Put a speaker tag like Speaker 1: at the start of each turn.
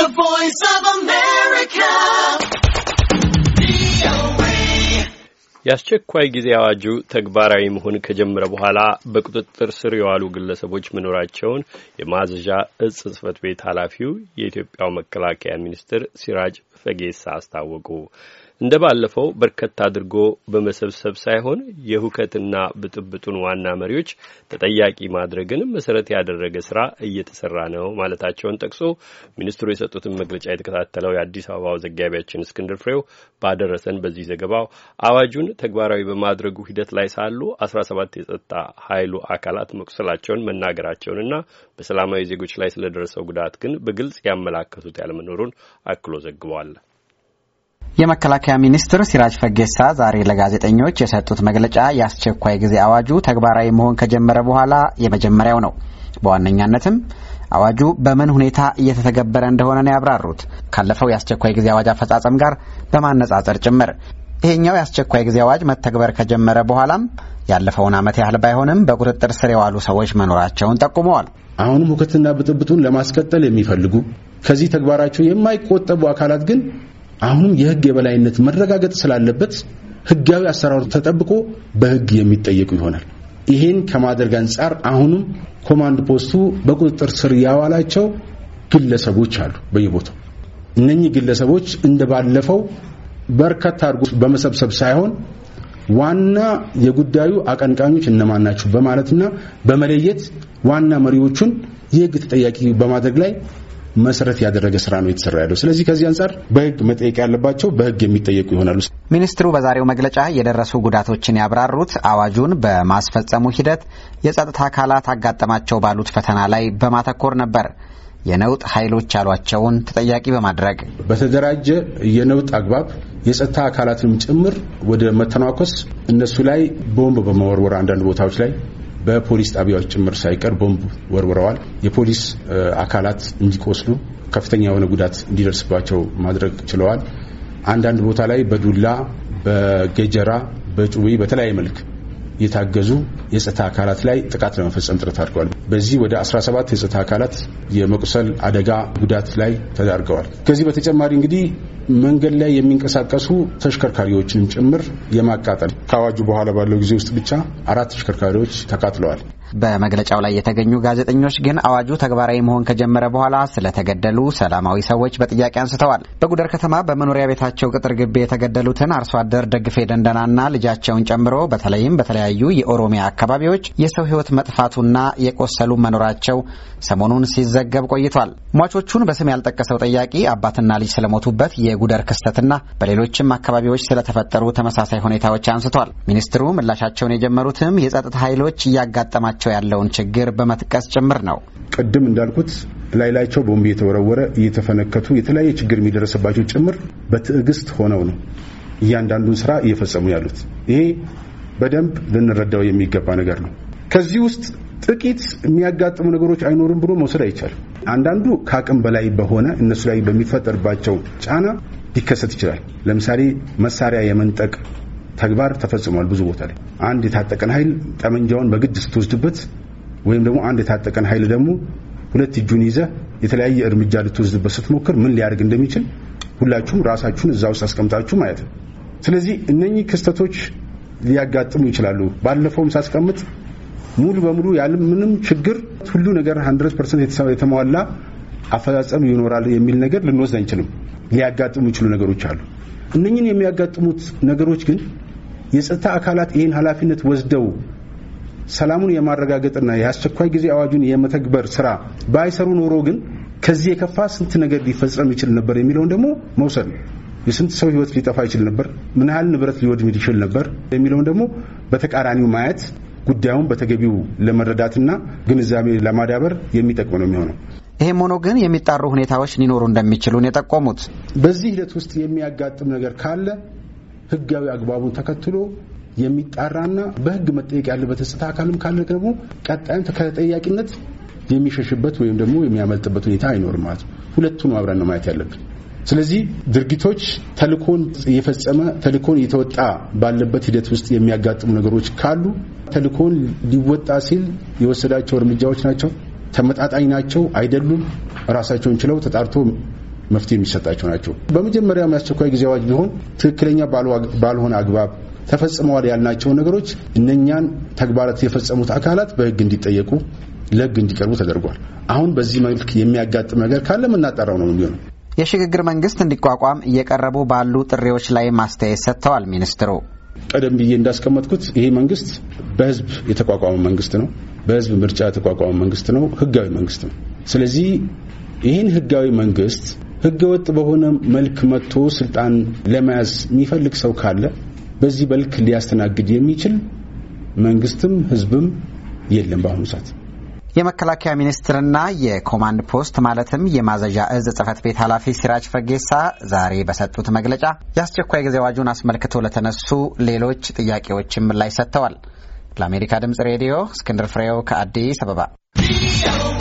Speaker 1: The Voice of America.
Speaker 2: የአስቸኳይ ጊዜ አዋጁ ተግባራዊ መሆን ከጀመረ በኋላ በቁጥጥር ስር የዋሉ ግለሰቦች መኖራቸውን የማዘዣ እጽ ጽህፈት ቤት ኃላፊው የኢትዮጵያው መከላከያ ሚኒስትር ሲራጅ ፈጌሳ አስታወቁ። እንደ ባለፈው በርከት አድርጎ በመሰብሰብ ሳይሆን የሁከትና ብጥብጡን ዋና መሪዎች ተጠያቂ ማድረግን መሰረት ያደረገ ስራ እየተሰራ ነው ማለታቸውን ጠቅሶ ሚኒስትሩ የሰጡትን መግለጫ የተከታተለው የአዲስ አበባው ዘጋቢያችን እስክንድር ፍሬው ባደረሰን በዚህ ዘገባው አዋጁን ተግባራዊ በማድረጉ ሂደት ላይ ሳሉ አስራ ሰባት የጸጥታ ኃይሉ አካላት መቁሰላቸውን መናገራቸውንና በሰላማዊ ዜጎች ላይ ስለደረሰው ጉዳት ግን በግልጽ ያመላከቱት ያለመኖሩን አክሎ ዘግቧል።
Speaker 3: የመከላከያ ሚኒስትር ሲራጅ ፈጌሳ ዛሬ ለጋዜጠኞች የሰጡት መግለጫ የአስቸኳይ ጊዜ አዋጁ ተግባራዊ መሆን ከጀመረ በኋላ የመጀመሪያው ነው። በዋነኛነትም አዋጁ በምን ሁኔታ እየተተገበረ እንደሆነ ነው ያብራሩት፣ ካለፈው የአስቸኳይ ጊዜ አዋጅ አፈጻጸም ጋር በማነጻጸር ጭምር። ይሄኛው የአስቸኳይ ጊዜ አዋጅ መተግበር ከጀመረ በኋላም ያለፈውን ዓመት ያህል ባይሆንም በቁጥጥር ስር የዋሉ ሰዎች መኖራቸውን ጠቁመዋል። አሁንም ሁከትና ብጥብጡን ለማስቀጠል የሚፈልጉ ከዚህ
Speaker 1: ተግባራቸው የማይቆጠቡ አካላት ግን አሁንም የህግ የበላይነት መረጋገጥ ስላለበት ህጋዊ አሰራሩ ተጠብቆ በህግ የሚጠየቁ ይሆናል። ይሄን ከማድረግ አንጻር አሁንም ኮማንድ ፖስቱ በቁጥጥር ስር ያዋላቸው ግለሰቦች አሉ በየቦታው። እነኚህ ግለሰቦች እንደባለፈው በርካታ አድርጎ በመሰብሰብ ሳይሆን ዋና የጉዳዩ አቀንቃኞች እነማን ናቸው በማለትና በመለየት ዋና መሪዎቹን የህግ ተጠያቂ በማድረግ ላይ መሰረት ያደረገ ስራ ነው የተሰራ ያለው። ስለዚህ ከዚህ አንጻር በህግ መጠየቅ ያለባቸው በህግ የሚጠየቁ ይሆናሉ።
Speaker 3: ሚኒስትሩ በዛሬው መግለጫ የደረሱ ጉዳቶችን ያብራሩት አዋጁን በማስፈጸሙ ሂደት የጸጥታ አካላት አጋጠማቸው ባሉት ፈተና ላይ በማተኮር ነበር። የነውጥ ኃይሎች ያሏቸውን ተጠያቂ በማድረግ በተደራጀ የነውጥ አግባብ የጸጥታ አካላትንም ጭምር
Speaker 1: ወደ መተናኮስ እነሱ ላይ ቦምብ በመወርወር አንዳንድ ቦታዎች ላይ በፖሊስ ጣቢያዎች ጭምር ሳይቀር ቦምብ ወርውረዋል። የፖሊስ አካላት እንዲቆስሉ ከፍተኛ የሆነ ጉዳት እንዲደርስባቸው ማድረግ ችለዋል። አንዳንድ ቦታ ላይ በዱላ በገጀራ በጩቤ በተለያየ መልክ የታገዙ የጸጥታ አካላት ላይ ጥቃት ለመፈጸም ጥረት አድርገዋል። በዚህ ወደ 17 የጸጥታ አካላት የመቁሰል አደጋ ጉዳት ላይ ተዳርገዋል። ከዚህ በተጨማሪ እንግዲህ መንገድ ላይ የሚንቀሳቀሱ ተሽከርካሪዎችንም ጭምር
Speaker 3: የማቃጠል ከአዋጁ በኋላ ባለው ጊዜ ውስጥ ብቻ አራት ተሽከርካሪዎች ተቃጥለዋል። በመግለጫው ላይ የተገኙ ጋዜጠኞች ግን አዋጁ ተግባራዊ መሆን ከጀመረ በኋላ ስለተገደሉ ሰላማዊ ሰዎች በጥያቄ አንስተዋል። በጉደር ከተማ በመኖሪያ ቤታቸው ቅጥር ግቢ የተገደሉትን አርሶ አደር ደግፌ ደንደናና ልጃቸውን ጨምሮ በተለይም በተለያዩ የኦሮሚያ አካባቢዎች የሰው ሕይወት መጥፋቱና የቆሰሉ መኖራቸው ሰሞኑን ሲዘገብ ቆይቷል። ሟቾቹን በስም ያልጠቀሰው ጠያቂ አባትና ልጅ ስለሞቱበት የጉደር ክስተትና በሌሎችም አካባቢዎች ስለተፈጠሩ ተመሳሳይ ሁኔታዎች አንስቷል። ሚኒስትሩ ምላሻቸውን የጀመሩትም የጸጥታ ኃይሎች እያጋጠማቸው በመካከላቸው ያለውን ችግር በመጥቀስ ጭምር ነው።
Speaker 1: ቅድም እንዳልኩት ላይ ላይቸው ቦምብ እየተወረወረ እየተፈነከቱ የተለያየ ችግር የሚደረስባቸው ጭምር በትዕግስት ሆነው ነው እያንዳንዱን ስራ እየፈጸሙ ያሉት። ይሄ በደንብ ልንረዳው የሚገባ ነገር ነው። ከዚህ ውስጥ ጥቂት የሚያጋጥሙ ነገሮች አይኖሩም ብሎ መውሰድ አይቻልም። አንዳንዱ ከአቅም በላይ በሆነ እነሱ ላይ በሚፈጠርባቸው ጫና ሊከሰት ይችላል። ለምሳሌ መሳሪያ የመንጠቅ ተግባር ተፈጽሟል። ብዙ ቦታ ላይ አንድ የታጠቀን ኃይል ጠመንጃውን በግድ ስትወስድበት ወይም ደግሞ አንድ የታጠቀን ኃይል ደግሞ ሁለት እጁን ይዘ የተለያየ እርምጃ ልትወስድበት ስትሞክር ምን ሊያደርግ እንደሚችል ሁላችሁም ራሳችሁን እዛ ውስጥ አስቀምጣችሁ ማለት ነው። ስለዚህ እነኚህ ክስተቶች ሊያጋጥሙ ይችላሉ። ባለፈውም ሳስቀምጥ ሙሉ በሙሉ ያለ ምንም ችግር ሁሉ ነገር 100% የተሟላ አፈጻጸም ይኖራል የሚል ነገር ልንወስድ አንችልም። ሊያጋጥሙ ይችሉ ነገሮች አሉ። እነኚህን የሚያጋጥሙት ነገሮች ግን የጸጥታ አካላት ይህን ኃላፊነት ወስደው ሰላሙን የማረጋገጥና የአስቸኳይ ጊዜ አዋጁን የመተግበር ስራ ባይሰሩ ኖሮ ግን ከዚህ የከፋ ስንት ነገር ሊፈጸም ይችል ነበር የሚለውን ደግሞ መውሰድ ነው። የስንት ሰው ህይወት ሊጠፋ ይችል ነበር፣ ምን ያህል ንብረት ሊወድም ይችል ነበር የሚለውን ደግሞ በተቃራኒው ማየት ጉዳዩን በተገቢው ለመረዳትና ግንዛቤ ለማዳበር የሚጠቅም ነው የሚሆነው። ይህም ሆኖ ግን
Speaker 3: የሚጣሩ ሁኔታዎች ሊኖሩ እንደሚችሉን የጠቆሙት
Speaker 1: በዚህ ሂደት ውስጥ የሚያጋጥም ነገር ካለ ህጋዊ አግባቡን ተከትሎ የሚጣራና በህግ መጠየቅ ያለበት ስታ አካልም ካለ ደግሞ ቀጣይም ከተጠያቂነት የሚሸሽበት ወይም ደግሞ የሚያመልጥበት ሁኔታ አይኖርም ማለት ነው። ሁለቱን አብረን ነው ማየት ያለብን። ስለዚህ ድርጊቶች ተልኮን እየፈጸመ ተልኮን እየተወጣ ባለበት ሂደት ውስጥ የሚያጋጥሙ ነገሮች ካሉ ተልኮን ሊወጣ ሲል የወሰዳቸው እርምጃዎች ናቸው ተመጣጣኝ ናቸው አይደሉም ራሳቸውን ችለው ተጣርቶ መፍትሄ የሚሰጣቸው ናቸው። በመጀመሪያ የአስቸኳይ ጊዜ አዋጅ ቢሆን ትክክለኛ ባልሆነ አግባብ ተፈጽመዋል ያልናቸው ነገሮች እነኛን ተግባራት የፈጸሙት አካላት በህግ እንዲጠየቁ
Speaker 3: ለህግ እንዲቀርቡ ተደርጓል። አሁን በዚህ መልክ የሚያጋጥም ነገር ካለ የምናጠራው ነው የሚሆነው። የሽግግር መንግስት እንዲቋቋም እየቀረቡ ባሉ ጥሪዎች ላይ ማስተያየት ሰጥተዋል ሚኒስትሩ።
Speaker 1: ቀደም ብዬ እንዳስቀመጥኩት ይሄ መንግስት በህዝብ የተቋቋመ መንግስት ነው። በህዝብ ምርጫ የተቋቋመ መንግስት ነው። ህጋዊ መንግስት ነው። ስለዚህ ይህን ህጋዊ መንግስት ህገወጥ በሆነ መልክ መጥቶ ስልጣን ለመያዝ የሚፈልግ ሰው ካለ
Speaker 3: በዚህ መልክ ሊያስተናግድ የሚችል መንግስትም ህዝብም የለም በአሁኑ ሰዓት። የመከላከያ ሚኒስትርና የኮማንድ ፖስት ማለትም የማዘዣ እዝ ጽህፈት ቤት ኃላፊ ሲራጅ ፈጌሳ ዛሬ በሰጡት መግለጫ የአስቸኳይ ጊዜ አዋጁን አስመልክቶ ለተነሱ ሌሎች ጥያቄዎችም ምላሽ ሰጥተዋል። ለአሜሪካ ድምጽ ሬዲዮ እስክንድር ፍሬው ከአዲስ አበባ